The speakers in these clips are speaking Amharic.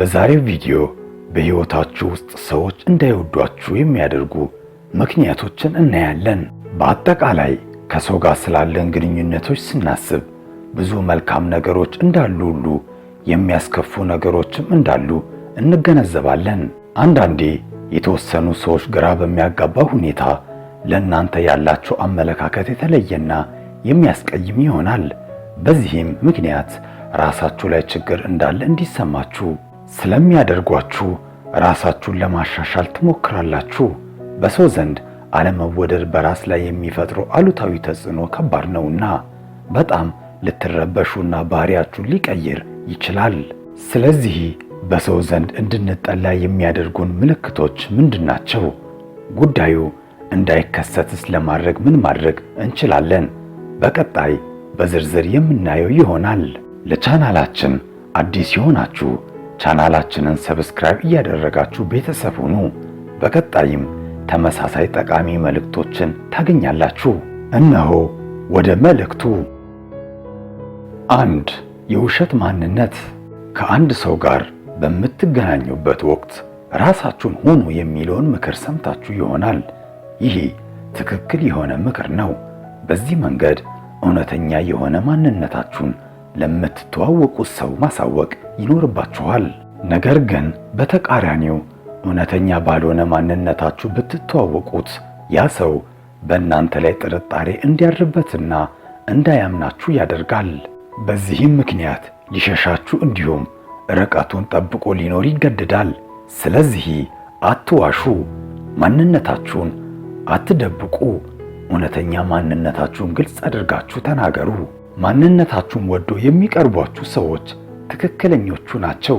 በዛሬው ቪዲዮ በሕይወታችሁ ውስጥ ሰዎች እንዳይወዷችሁ የሚያደርጉ ምክንያቶችን እናያለን። በአጠቃላይ ከሰው ጋር ስላለን ግንኙነቶች ስናስብ ብዙ መልካም ነገሮች እንዳሉ ሁሉ የሚያስከፉ ነገሮችም እንዳሉ እንገነዘባለን። አንዳንዴ የተወሰኑ ሰዎች ግራ በሚያጋባ ሁኔታ ለእናንተ ያላቸው አመለካከት የተለየና የሚያስቀይም ይሆናል። በዚህም ምክንያት ራሳችሁ ላይ ችግር እንዳለ እንዲሰማችሁ ስለሚያደርጓችሁ ራሳችሁን ለማሻሻል ትሞክራላችሁ። በሰው ዘንድ አለመወደድ በራስ ላይ የሚፈጥረው አሉታዊ ተጽዕኖ ከባድ ነውና በጣም ልትረበሹና ባህሪያችሁን ሊቀይር ይችላል። ስለዚህ በሰው ዘንድ እንድንጠላ የሚያደርጉን ምልክቶች ምንድናቸው? ጉዳዩ እንዳይከሰትስ ለማድረግ ምን ማድረግ እንችላለን? በቀጣይ በዝርዝር የምናየው ይሆናል። ለቻናላችን አዲስ የሆናችሁ ቻናላችንን ሰብስክራይብ እያደረጋችሁ ቤተሰብ ሁኑ። በቀጣይም ተመሳሳይ ጠቃሚ መልእክቶችን ታገኛላችሁ። እነሆ ወደ መልእክቱ። አንድ የውሸት ማንነት ከአንድ ሰው ጋር በምትገናኙበት ወቅት ራሳችሁን ሁኑ የሚለውን ምክር ሰምታችሁ ይሆናል። ይህ ትክክል የሆነ ምክር ነው። በዚህ መንገድ እውነተኛ የሆነ ማንነታችሁን ለምትተዋወቁት ሰው ማሳወቅ ይኖርባችኋል። ነገር ግን በተቃራኒው እውነተኛ ባልሆነ ማንነታችሁ ብትተዋወቁት ያ ሰው በእናንተ ላይ ጥርጣሬ እንዲያድርበትና እንዳያምናችሁ ያደርጋል። በዚህም ምክንያት ሊሸሻችሁ እንዲሁም ርቀቱን ጠብቆ ሊኖር ይገደዳል። ስለዚህ አትዋሹ፣ ማንነታችሁን አትደብቁ፣ እውነተኛ ማንነታችሁን ግልጽ አድርጋችሁ ተናገሩ። ማንነታችሁን ወዶ የሚቀርቧችሁ ሰዎች ትክክለኞቹ ናቸው።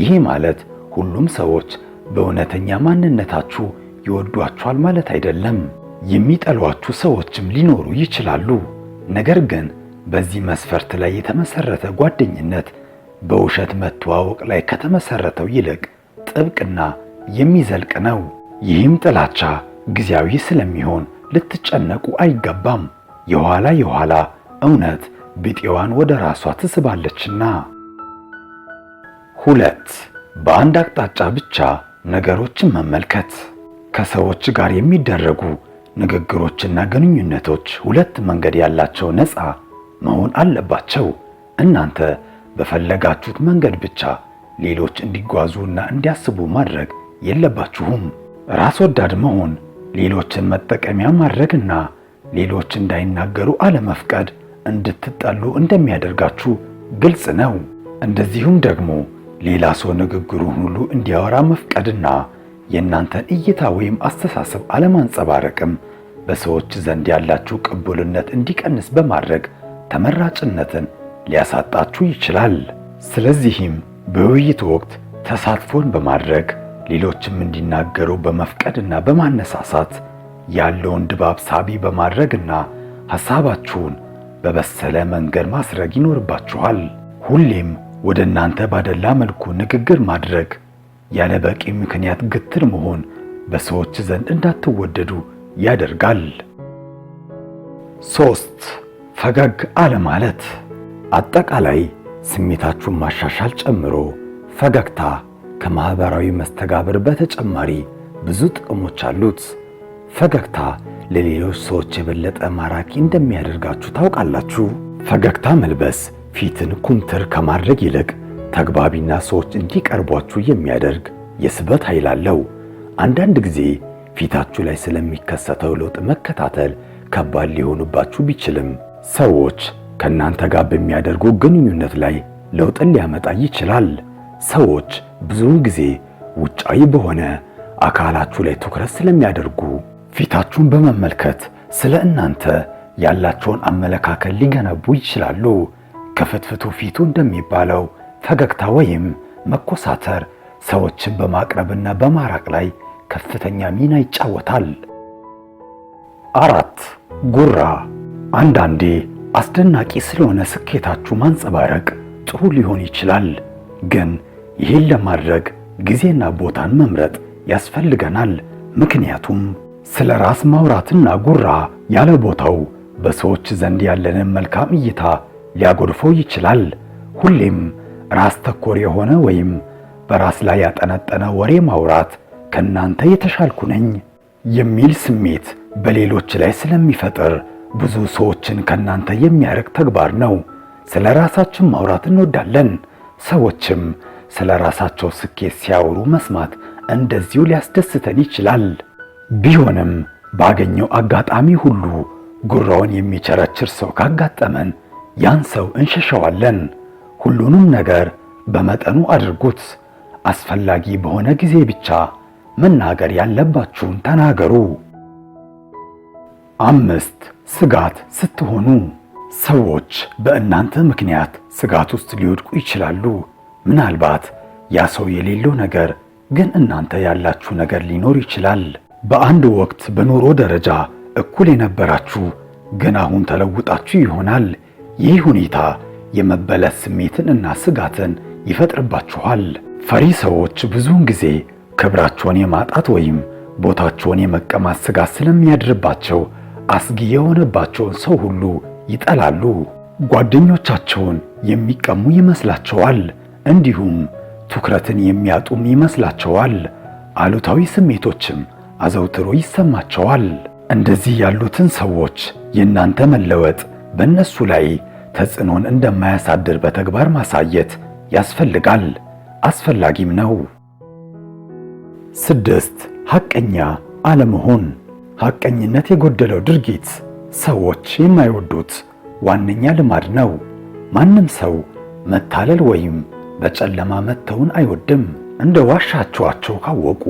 ይሄ ማለት ሁሉም ሰዎች በእውነተኛ ማንነታችሁ ይወዷችኋል ማለት አይደለም። የሚጠሏችሁ ሰዎችም ሊኖሩ ይችላሉ። ነገር ግን በዚህ መስፈርት ላይ የተመሰረተ ጓደኝነት በውሸት መተዋወቅ ላይ ከተመሰረተው ይልቅ ጥብቅና የሚዘልቅ ነው። ይህም ጥላቻ ጊዜያዊ ስለሚሆን ልትጨነቁ አይገባም። የኋላ የኋላ እውነት ቢጤዋን ወደ ራሷ ትስባለችና። ሁለት በአንድ አቅጣጫ ብቻ ነገሮችን መመልከት። ከሰዎች ጋር የሚደረጉ ንግግሮችና ግንኙነቶች ሁለት መንገድ ያላቸው ነፃ መሆን አለባቸው። እናንተ በፈለጋችሁት መንገድ ብቻ ሌሎች እንዲጓዙና እንዲያስቡ ማድረግ የለባችሁም። ራስ ወዳድ መሆን፣ ሌሎችን መጠቀሚያ ማድረግና ሌሎች እንዳይናገሩ አለመፍቀድ እንድትጠሉ እንደሚያደርጋችሁ ግልጽ ነው። እንደዚሁም ደግሞ ሌላ ሰው ንግግሩን ሁሉ እንዲያወራ መፍቀድና የእናንተን እይታ ወይም አስተሳሰብ አለማንጸባረቅም በሰዎች ዘንድ ያላችሁ ቅቡልነት እንዲቀንስ በማድረግ ተመራጭነትን ሊያሳጣችሁ ይችላል። ስለዚህም በውይይት ወቅት ተሳትፎን በማድረግ ሌሎችም እንዲናገሩ በመፍቀድና በማነሳሳት ያለውን ድባብ ሳቢ በማድረግና ሐሳባችሁን በበሰለ መንገድ ማስረግ ይኖርባችኋል። ሁሌም ወደ እናንተ ባደላ መልኩ ንግግር ማድረግ፣ ያለ በቂ ምክንያት ግትር መሆን በሰዎች ዘንድ እንዳትወደዱ ያደርጋል። ሶስት ፈገግ አለማለት አጠቃላይ ስሜታችሁን ማሻሻል ጨምሮ ፈገግታ ከማህበራዊ መስተጋብር በተጨማሪ ብዙ ጥቅሞች አሉት። ፈገግታ ለሌሎች ሰዎች የበለጠ ማራኪ እንደሚያደርጋችሁ ታውቃላችሁ። ፈገግታ መልበስ ፊትን ኩምትር ከማድረግ ይልቅ ተግባቢና ሰዎች እንዲቀርቧችሁ የሚያደርግ የስበት ኃይል አለው። አንዳንድ ጊዜ ፊታችሁ ላይ ስለሚከሰተው ለውጥ መከታተል ከባድ ሊሆኑባችሁ ቢችልም ሰዎች ከእናንተ ጋር በሚያደርጉ ግንኙነት ላይ ለውጥን ሊያመጣ ይችላል። ሰዎች ብዙውን ጊዜ ውጫዊ በሆነ አካላችሁ ላይ ትኩረት ስለሚያደርጉ ፊታችሁን በመመልከት ስለ እናንተ ያላቸውን አመለካከት ሊገነቡ ይችላሉ። ከፍትፍቱ ፊቱ እንደሚባለው ፈገግታ ወይም መኮሳተር ሰዎችን በማቅረብና በማራቅ ላይ ከፍተኛ ሚና ይጫወታል። አራት ጉራ። አንዳንዴ አስደናቂ ስለሆነ ስኬታችሁ ማንጸባረቅ ጥሩ ሊሆን ይችላል፣ ግን ይህን ለማድረግ ጊዜና ቦታን መምረጥ ያስፈልገናል። ምክንያቱም ስለ ራስ ማውራትና ጉራ ያለ ቦታው በሰዎች ዘንድ ያለንን መልካም እይታ ሊያጎድፈው ይችላል። ሁሌም ራስ ተኮር የሆነ ወይም በራስ ላይ ያጠነጠነ ወሬ ማውራት ከናንተ የተሻልኩ ነኝ የሚል ስሜት በሌሎች ላይ ስለሚፈጥር ብዙ ሰዎችን ከናንተ የሚያርቅ ተግባር ነው። ስለ ራሳችን ማውራት እንወዳለን። ሰዎችም ስለ ራሳቸው ስኬት ሲያወሩ መስማት እንደዚሁ ሊያስደስተን ይችላል። ቢሆንም ባገኘው አጋጣሚ ሁሉ ጉራውን የሚቸረችር ሰው ካጋጠመን ያን ሰው እንሸሸዋለን። ሁሉንም ነገር በመጠኑ አድርጉት። አስፈላጊ በሆነ ጊዜ ብቻ መናገር ያለባችሁን ተናገሩ። አምስት ስጋት ስትሆኑ ሰዎች በእናንተ ምክንያት ስጋት ውስጥ ሊወድቁ ይችላሉ። ምናልባት ያ ሰው የሌለው ነገር ግን እናንተ ያላችሁ ነገር ሊኖር ይችላል። በአንድ ወቅት በኑሮ ደረጃ እኩል የነበራችሁ ግን አሁን ተለውጣችሁ ይሆናል። ይህ ሁኔታ የመበለስ ስሜትን እና ስጋትን ይፈጥርባችኋል። ፈሪ ሰዎች ብዙውን ጊዜ ክብራቸውን የማጣት ወይም ቦታቸውን የመቀማት ስጋት ስለሚያድርባቸው አስጊ የሆነባቸውን ሰው ሁሉ ይጠላሉ። ጓደኞቻቸውን የሚቀሙ ይመስላቸዋል። እንዲሁም ትኩረትን የሚያጡም ይመስላቸዋል። አሉታዊ ስሜቶችም አዘውትሮ ይሰማቸዋል። እንደዚህ ያሉትን ሰዎች የእናንተ መለወጥ በእነሱ ላይ ተጽዕኖን እንደማያሳድር በተግባር ማሳየት ያስፈልጋል፣ አስፈላጊም ነው። ስድስት ሐቀኛ አለመሆን። ሐቀኝነት የጎደለው ድርጊት ሰዎች የማይወዱት ዋነኛ ልማድ ነው። ማንም ሰው መታለል ወይም በጨለማ መተውን አይወድም። እንደ ዋሻችኋቸው ካወቁ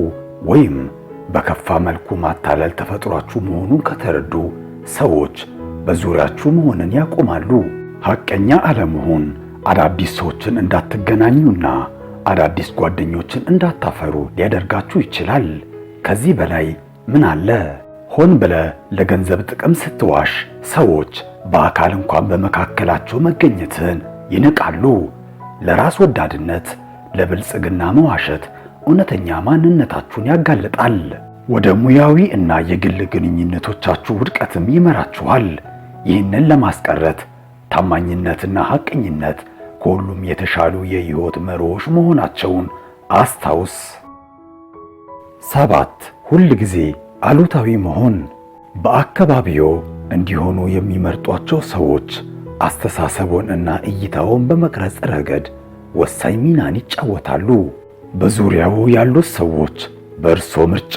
ወይም በከፋ መልኩ ማታለል ተፈጥሯችሁ መሆኑን ከተረዱ ሰዎች በዙሪያችሁ መሆንን ያቆማሉ። ሐቀኛ አለመሆን አዳዲስ ሰዎችን እንዳትገናኙና አዳዲስ ጓደኞችን እንዳታፈሩ ሊያደርጋችሁ ይችላል። ከዚህ በላይ ምን አለ? ሆን ብለ ለገንዘብ ጥቅም ስትዋሽ ሰዎች በአካል እንኳን በመካከላቸው መገኘትን ይንቃሉ። ለራስ ወዳድነት፣ ለብልጽግና መዋሸት እውነተኛ ማንነታችሁን ያጋልጣል። ወደ ሙያዊ እና የግል ግንኙነቶቻችሁ ውድቀትም ይመራችኋል። ይህንን ለማስቀረት ታማኝነትና ሐቀኝነት ከሁሉም የተሻሉ የሕይወት መሮዎች መሆናቸውን አስታውስ። ሰባት ሁል ጊዜ አሉታዊ መሆን። በአካባቢዎ እንዲሆኑ የሚመርጧቸው ሰዎች አስተሳሰቦን እና እይታውን በመቅረጽ ረገድ ወሳኝ ሚናን ይጫወታሉ። በዙሪያው ያሉት ሰዎች በእርሶ ምርጫ፣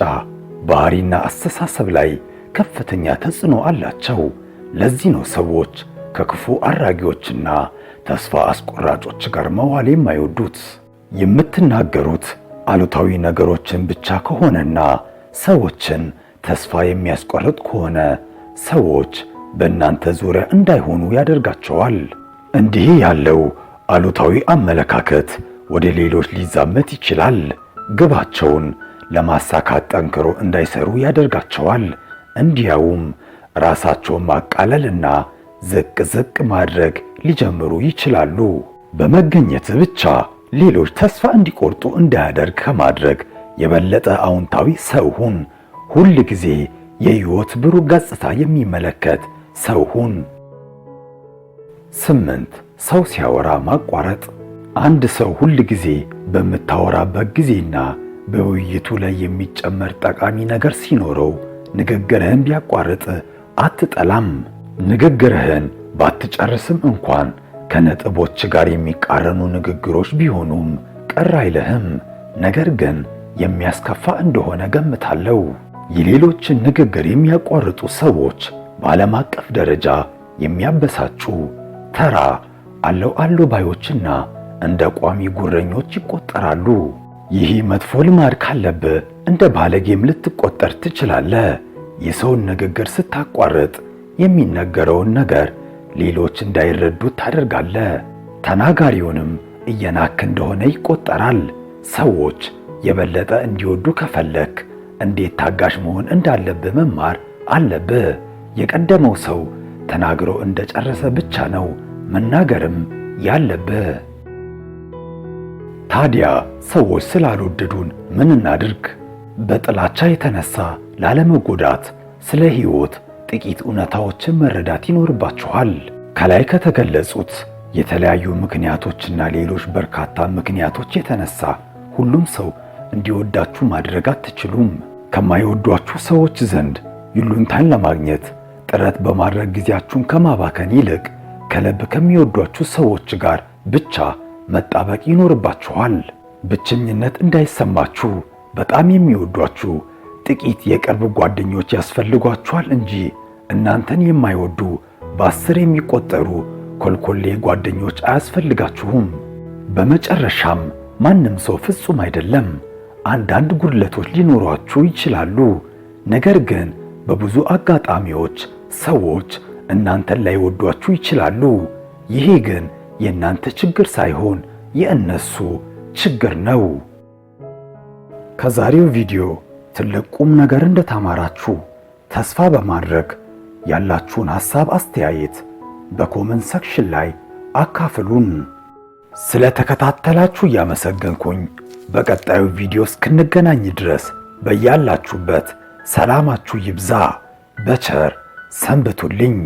ባህሪና አስተሳሰብ ላይ ከፍተኛ ተጽዕኖ አላቸው። ለዚህ ነው ሰዎች ከክፉ አራጊዎችና ተስፋ አስቆራጮች ጋር መዋል የማይወዱት። የምትናገሩት አሉታዊ ነገሮችን ብቻ ከሆነና ሰዎችን ተስፋ የሚያስቆርጥ ከሆነ ሰዎች በእናንተ ዙሪያ እንዳይሆኑ ያደርጋቸዋል። እንዲህ ያለው አሉታዊ አመለካከት ወደ ሌሎች ሊዛመት ይችላል። ግባቸውን ለማሳካት ጠንክሮ እንዳይሰሩ ያደርጋቸዋል። እንዲያውም ራሳቸውን ማቃለልና ዝቅ ዝቅ ማድረግ ሊጀምሩ ይችላሉ። በመገኘት ብቻ ሌሎች ተስፋ እንዲቆርጡ እንዳያደርግ ከማድረግ የበለጠ አዎንታዊ ሰው ሁን። ሁል ጊዜ የሕይወት ብሩህ ገጽታ የሚመለከት ሰው ሁን። ስምንት ሰው ሲያወራ ማቋረጥ አንድ ሰው ሁል ጊዜ በምታወራበት ጊዜና በውይይቱ ላይ የሚጨመር ጠቃሚ ነገር ሲኖረው ንግግርህን ቢያቋርጥ አትጠላም። ንግግርህን ባትጨርስም እንኳን ከነጥቦች ጋር የሚቃረኑ ንግግሮች ቢሆኑም ቅር አይልህም። ነገር ግን የሚያስከፋ እንደሆነ ገምታለሁ። የሌሎችን ንግግር የሚያቋርጡ ሰዎች በዓለም አቀፍ ደረጃ የሚያበሳጩ ተራ አለው አሉ ባዮችና እንደ ቋሚ ጉረኞች ይቆጠራሉ። ይህ መጥፎ ልማድ ካለብህ እንደ ባለጌም ልትቆጠር ትችላለህ። የሰውን ንግግር ስታቋርጥ የሚነገረውን ነገር ሌሎች እንዳይረዱት ታደርጋለህ። ተናጋሪውንም እየናክ እንደሆነ ይቆጠራል። ሰዎች የበለጠ እንዲወዱ ከፈለክ እንዴት ታጋሽ መሆን እንዳለብህ መማር አለብህ። የቀደመው ሰው ተናግሮ እንደጨረሰ ብቻ ነው መናገርም ያለብህ። ታዲያ ሰዎች ስላልወደዱን ምን እናድርግ? በጥላቻ የተነሳ ላለመጎዳት ስለ ሕይወት ጥቂት እውነታዎችን መረዳት ይኖርባችኋል። ከላይ ከተገለጹት የተለያዩ ምክንያቶችና ሌሎች በርካታ ምክንያቶች የተነሳ ሁሉም ሰው እንዲወዳችሁ ማድረግ አትችሉም። ከማይወዷችሁ ሰዎች ዘንድ ይሉንታን ለማግኘት ጥረት በማድረግ ጊዜያችሁን ከማባከን ይልቅ ከልብ ከሚወዷችሁ ሰዎች ጋር ብቻ መጣበቅ ይኖርባችኋል። ብቸኝነት እንዳይሰማችሁ በጣም የሚወዷችሁ ጥቂት የቅርብ ጓደኞች ያስፈልጓችኋል እንጂ እናንተን የማይወዱ በአስር የሚቆጠሩ ኮልኮሌ ጓደኞች አያስፈልጋችሁም። በመጨረሻም ማንም ሰው ፍጹም አይደለም። አንዳንድ ጉድለቶች ሊኖሯችሁ ይችላሉ። ነገር ግን በብዙ አጋጣሚዎች ሰዎች እናንተን ላይወዷችሁ ይችላሉ። ይሄ ግን የእናንተ ችግር ሳይሆን የእነሱ ችግር ነው። ከዛሬው ቪዲዮ ትልቅ ቁም ነገር እንደተማራችሁ ተስፋ በማድረግ ያላችሁን ሐሳብ፣ አስተያየት በኮመንት ሰክሽን ላይ አካፍሉን። ስለ ተከታተላችሁ እያመሰገንኩኝ በቀጣዩ ቪዲዮ እስክንገናኝ ድረስ በያላችሁበት ሰላማችሁ ይብዛ። በቸር ሰንብቱልኝ።